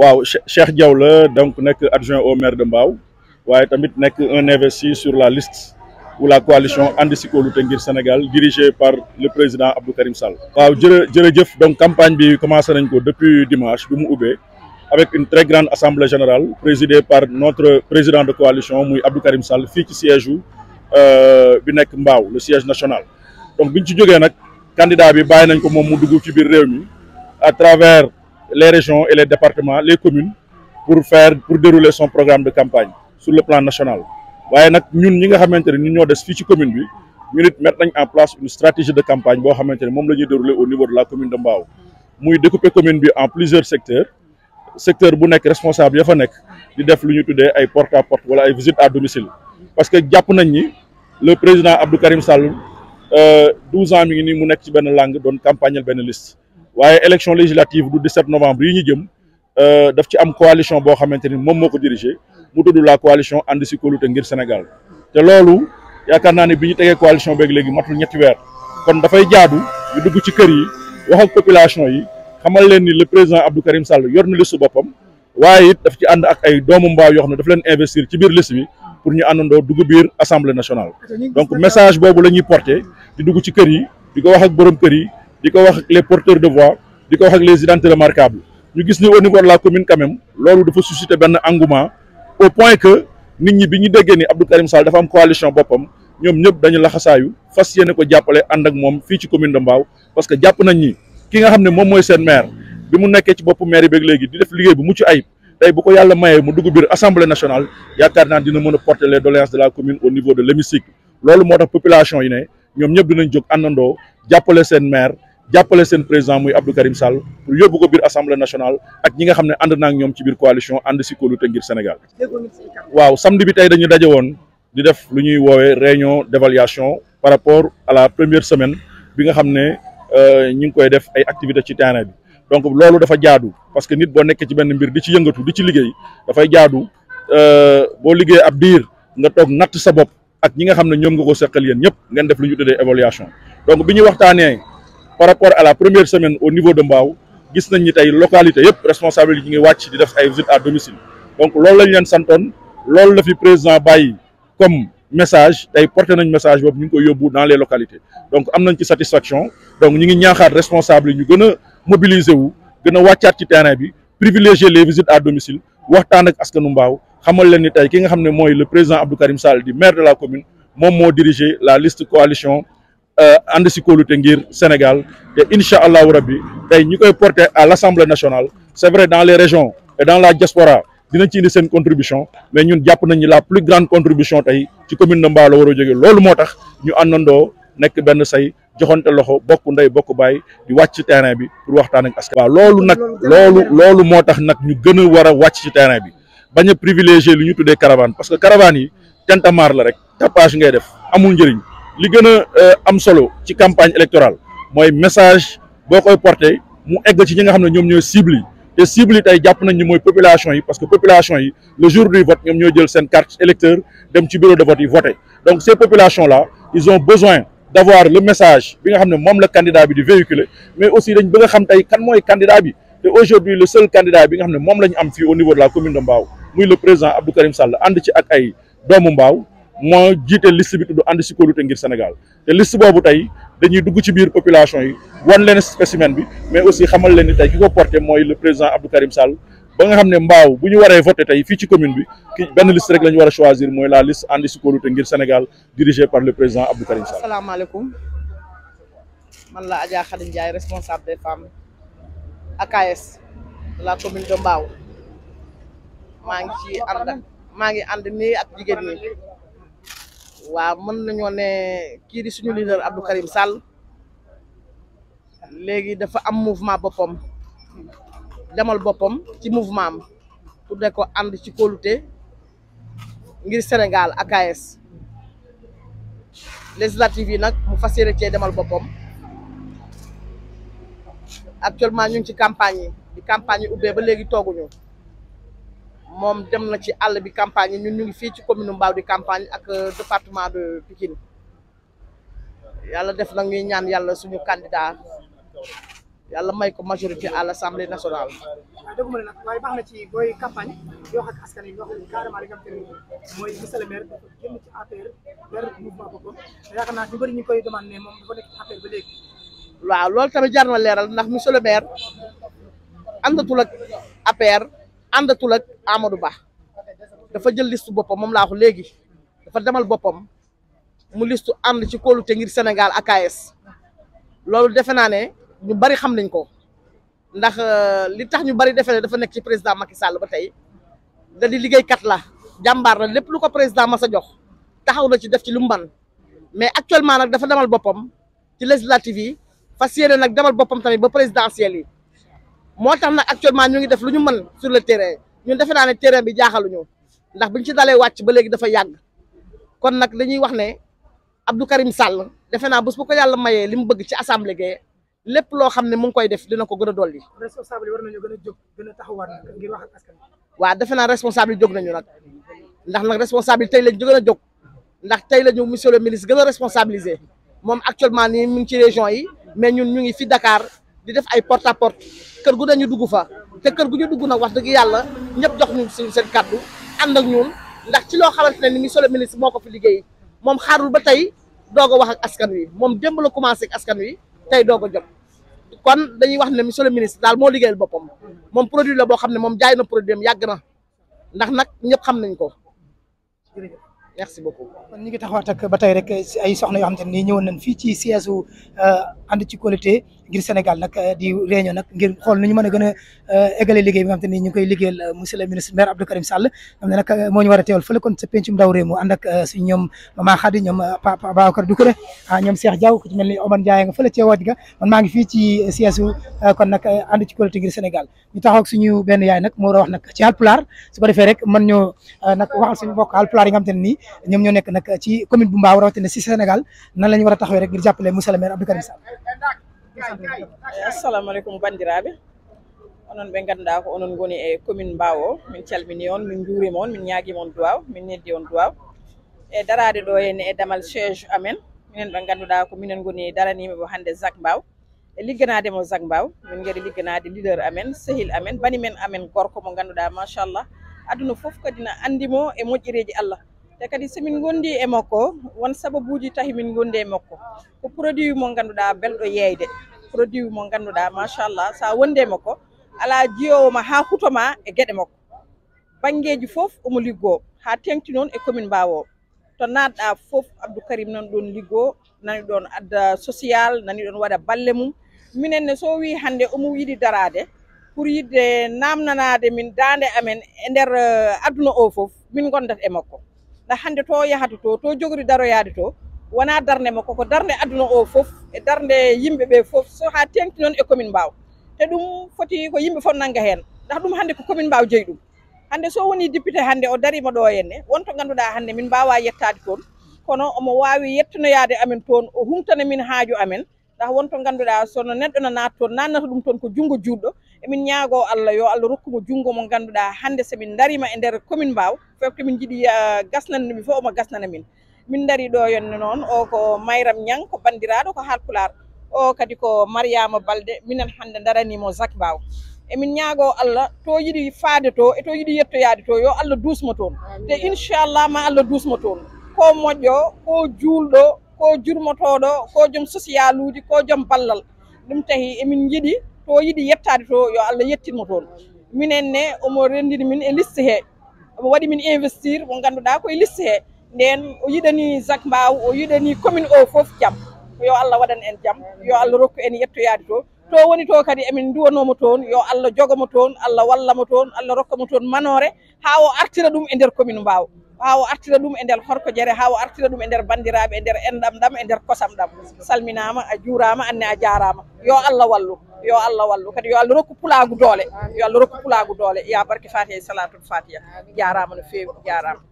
waaw Cheikh je donc nekk adjoint au maire de Mbao waaye tamit un investi sur la liste ou la coalition andisiko lutengir Sénégal dirigée par le président Abdou Karim Sall. waaw donc campagne bi commencé depuis dimanche avec une très grande assemblée générale présidée par notre président de coalition Abdou Karim Sall qui ci siège au euh, le siège national donc biñ ci candidat bi été réuni à travers. les région et les départements les communes pour faire pour dérouler son programme de campagne sur le plan national waaye nag ñun ñi nga xamante ne ñun ñoo des fii ci commune bi ñu nit mettre nañ en place une stratégie de campagne boo xamante ne moom la ñuy dérouler au niveau de la commune de Mbao muy découper commune bi en plusieurs secteurs secteur bu nekk responsable ya fa nekk di def lu ñu tuddee ay porte à porte wala ay visite à domicile parce que jàpp nañ ni le président Abdou Karim Sall euh, douze ans mi ngi nii mu nekk ci benn langue doon campagnal benn liste waaye élection législative du 17 novembre yi ñu jëm euh, daf ci am coalition boo xamante ni moom moo ko dirigé mu tudd la coalition ànd si kóolute ngir Sénégal te loolu yaakaar naa ne bi ñu tegee coalition beeg léegi matul ñetti weer kon dafay jaadu ñu dugg ci kër yi wax ak population yi xamal leen ni le président Abdou Karim Sall yor na liste boppam waaye it daf ci ànd ak ay doomu mbaaw yoo xam ne daf leen investir ci biir liste bi pour ñu àndandoo dugg biir assemblée nationale donc message boobu la ñuy porté di dugg ci kër yi di ko wax ak borom kër yi. di ko wax ak les porteurs de voix di ko wax ak les identités remarquables ñu gis ni au niveau de la commune quand même loolu dafa suscité benn engouement au point que nit ñi bi ñu déggee ni Abdou Karim Sall dafa am coalition boppam ñoom ñëpp dañu laxasaayu fas yéene ko jàppale ànd ak moom fii ci commune de Mbao parce que jàpp nañ ni ki nga xam ne moom mooy seen maire bi mu nekkee ci boppu maire yi beeg léegi di def liggéey bu mucc ayib tey bu ko yàlla mayee mu dugg biir mën a porter les doléances de la commune au niveau de l'hémicycle loolu moo ñoom ñëpp dinañ jóg àndandoo jàppale seen maire jàppale seen président muy Abdou Karim Sall pour yóbbu ko biir assemblée nationale ak ñi nga xam ne ànd naa ak ñoom ci biir coalition ànd si kóolute ngir Sénégal. waaw samedi bi tey dañu daje woon di def lu ñuy woowee réunion d'évaluation par rapport à la première semaine bi nga xam ne euh, ñu ngi koy def ay activité ci terrain bi donc loolu dafa jaadu parce que nit boo nekkee ci benn mbir di ci yëngatu di ci liggéey dafay jaadu euh, boo liggéey ab diir nga toog natt sa bopp ak ñi nga xam ne ñoom nga ko ñëpp ngeen def lu ñu tuddee évaluation donc bi ñu waxtaanee. par rapport à la première semaine au niveau de Mbao gis nañ vu tey localité yëpp responsable yi ngi wàcc di def à domicile donc loolu a leen santoon loolu la fi président Baye comme message a porté un message ñu dans les localités donc nous avons une satisfaction donc ñu responsables ñaaxaat responsable yi ñu gën mobiliser wu privilégier les visites à domicile nous avons askanu Mbao xamal leen ni tey ki nga le président Abdou Karim Saldi, maire de la commune a dirigé diriger la liste coalition Euh, ànd si kóolute ngir Sénégal te incha allahu rabbi tey ñi koy porter à l' assemblée nationale c' est vrai dans les régions et dans la diaspora dinañ ci indi seen contribution mais ñun jàpp nañu la plus grande contribution tey ci commune de Mbalo war a loolu moo tax ñu àndandoo nekk benn say joxante loxo bokk ndey bokk baay di wàcc ci terrain bi pour waxtaan ak askan. waaw loolu nag loolu loolu moo tax nag ñu gën a war a wàcc ci terrain bi bañ a privilégié li ñu tuddee parce que caravane yi tentamar la rek tapage ngay def amul njëriñ. li gëna euh, am solo ci campagne électorale moy message bokoy koy porté mu egg ci ñinga xamné ñom ñoy cibler, cible et cible tay population parce que population yi le jour du vote ñom ñoy jël sen carte électeur dem ci bureau de vote yi voter. donc ces populations là ils ont besoin d'avoir le message bi nga xamné mom candidat bi véhicule. véhiculer mais aussi dañ bëgg xam tay kan candidat bi aujourd'hui le seul candidat bi nga xamné mom au niveau de la commune de Mbao muy le président Abdou Karim Sall and ci ak ay doomu Mbao moo jiite liste bi tudd ànd si kóolute ngir Sénégal te liste boobu tey dañuy dugg ci biir population yi wan leen spécimen bi mais aussi xamal leen ni tey ki ko porté mooy le président Abdou Karim Sall ba nga xam ne mbaaw bu ñu waree voté tey fii ci commune bi ki benn liste rek la ñu war a choisir mooy la liste ànd si kóolute ngir Sénégal dirigée par le président Abdou Karim Sall. asalaamaaleykum man la Adja Khadim Ndiaye responsable des femmes AKS de la commune de maa ngi ci ànd maa ngi ànd nii ak jigéen ñi. waaw mën nañoo ne kii di suñu leader Abdou Karim Sall léegi dafa am mouvement boppam demal boppam ci mouvement am tudde ko ànd ci kóolute ngir Sénégal AKS législative yi nag mu fas yéene cee demal boppam actuellement ñu ngi ci campagne yi di campagne yi ubbee ba léegi tooguñu mom dem na ci all bi campagne ñun ñu ngi fi ci commune mbaw di campagne ak euh, département de Pikine yalla def na ñuy ñaan yalla suñu candidat yalla may ko majorité à l'Assemblée nationale. deugum ma way bax na ci boy campagne yo xak askan yi ñoo xam ne carrément li nga xam ne ci monsieur le maire génn ci APR vers mouvement boppam yaakaar na ñu bari ñu koy demandé mom dafa nek ci APR ba légui waaw loolu tamé jar na leeral ndax monsieur le maire andatul ak APR andatul ak. Amadou Ba dafa jël liste bopam mom la ko legui dafa demal bopam mu liste and ci kóolute ngir Sénégal ak AES loolu defe né ñu bari xam nañ ko ndax euh, li tax ñu bari defé dafa nek ci président Macky Sall ba tay da di kat la jambar la lepp lu ko président massa jox taxaw na ci def ci lu mban mais actuellement nak dafa demal bopam ci législative fasiyene nak demal bopam tamit ba yi actuellement ñu ngi def lu ñu mën sur le terrain ñun defe naa ne terrain bi jaaxaluñu ndax biñ ci dalee wàcc ba léegi dafa yàgg kon nag dañuy wax ne Abdou Karim Sall defe naa bés bu ko yàlla mayee li mu bëgg ci assemblée gee lépp loo xam ne mu ngi koy def dina ko gën a dolli. responsable yi war nañu a jóg gën taxawaat ngir wax ak naa responsable yi jóg nañu nag ndax nag responsable yi tey lañ gën a jóg ndax tey la ñu monsieur le ministre ga a responsabilisé moom actuellement nii mu ngi ci région yi mais ñun ñu ngi fi Dakar. di def ay porte à porte kër gu dañu dugg fa te kër gu ñu dugg na wax dëgg yàlla ñëpp jox ñu suñu seen kàddu ànd ak ñun ndax ci loo xamante ne ni monsieur solo ministre moo ko fi liggéey moom xaarul ba tey doo a wax ak askan wi moom démb la commencé askan wi tey doo a jot kon dañuy wax ne monsieur solo ministre daal moo liggéeyal boppam moom produit la boo xam ne moom jaay na produit am yàgg na ndax nag ñëpp xam nañ ko merci beaucoup kon ñu ngi taxawaat ak ba tey rek si ay soxna yoo xam te ne nii ñëwoon nañ fii ci siège u euh, ci qualité ngir Sénégal nak eh, di réunion nak ngir xol ni ñu mën a gën a eh, liggéey bi nga xamanteni ñu koy liggéeyal eh, monsieur le ministre maire Abdou Karim Sall nga ne nak moo ñu war a teewal kon ci pencum ndaw réew mu and ak su ñom Mama Khady ñom Papa Babacar Doucouré ah ñom Cheikh Diaw ku ci melni ni Omar Ndiaye nga ci wadi nga man ma ngi fi ci csu kon nak and ci politique ngir Sénégal ñu taxaw ak suñu ben yaay nak mo war wax nak ci Haalpulaar su ko défé rek man ñu nak waxal suñu mbokk Haalpulaar yi nga xamanteni te ñoo nekk nak ci commune bu Mbaaw rawatina si Sénégal nan la ñu war rek ngir jappalé monsieur le maire Abdou Karim Sall assalamu aleykum bandiraɓe onon ɓe ganduɗa ko onon goni e commune mbaw o min calmini on min juurima on min ñaguima on duwaw min neddi on duwaw e darade ɗo henne e damal siége amen minen ɓe ganduɗa ko minen goni daranimeɓo hande zac mbaw e ligganademo zac mbaw min gadi ligganade leader amen sehil amen banimen amen gorko mo ganduɗa machallah aduna foof kadi na andimo e moƴƴereji allah te kadi somin gondi e makko won sababuji tahi min gondi e makko ko produit mo ganduɗa belɗo yeyde produit mo ganduɗa machallah sa wondi e makko ala jiyowoma ha hutoma e gueɗe makko banggueji foof omo liggo ha tengti noon e commune mbawo to natɗa foof abdou karim nani ɗon liggo nani ɗon adda social nani ɗon waɗa balle mum minenne so wi hande omo yiɗi darade pour yidde namnanade min dande amen e nder eh, aduna o foof min gondat e makko neɗɗo hannde to yahata to to jogori daroyaade to wona darnde makko ko darnde aduna o fof e darnde yimɓe ɓe fof so haa tengti noon e commune mbaaw te ɗum foti ko yimɓe fof nannga heen ndax ɗum hannde ko commune mbaaw jeyi ɗum hannde so woni député hannde o dariima ɗo henne wonto ngannduɗaa hannde min mbaawa yettaade toon kono omo waawi yettanoyaade amen toon o humtana min haaju amen ndax wonto ngannduɗaa sono neɗɗo no naata toon naannata ɗum toon ko junngo juuɗɗo emin ñaago allah yo allah rokkumo junngo mo ngannduɗaa hannde so min darima e ndeer commune mbaw fofto min jiɗi uh, gasnande mi fof omo gasnana min min dari ɗo yonne noon o ko mayram ñang ko banndiraaɗo ko harpular o kadi ko mariama balde minen hannde daranimo zak mbaw emin ñaago allah to yiɗi faade to e to yiɗi yettoyaade to yo allah duusmo toon te inchallah ma allah duusmo toon ko moƴƴo ko juulɗo ko jurmotooɗo ko joom social uji ko joom ballal ɗum tahi emin yiɗi to yiɗi yettade to yo allah yettinmo toon minen ne omo rendini min e liste he omo waɗi min investir mo ngannduɗaa koye liste he nden o yiɗani zac mbaw o yiɗani commune o fof jaam yo allah waɗan en jaam yo allah rokku en yettoyaade to to woni to kadi emin nduwanomo toon yo allah jogomo toon allah wallamo toon allah rokkamo toon manore haa o artira ɗum e nder commune mbaw haa o artira ɗum e nder horko jere haa o artira ɗum e nder banndiraaɓe e nder enɗam ɗam e nder kosam ɗam salminaama a juuraama anne a jaaraama yo allah wallu yo allah wallu kadi yo allah rokku pulaagu doole yo allah rokku pulaagu doole ya barke fatiha e salatul fatiha jaaraama no feewi jaaraama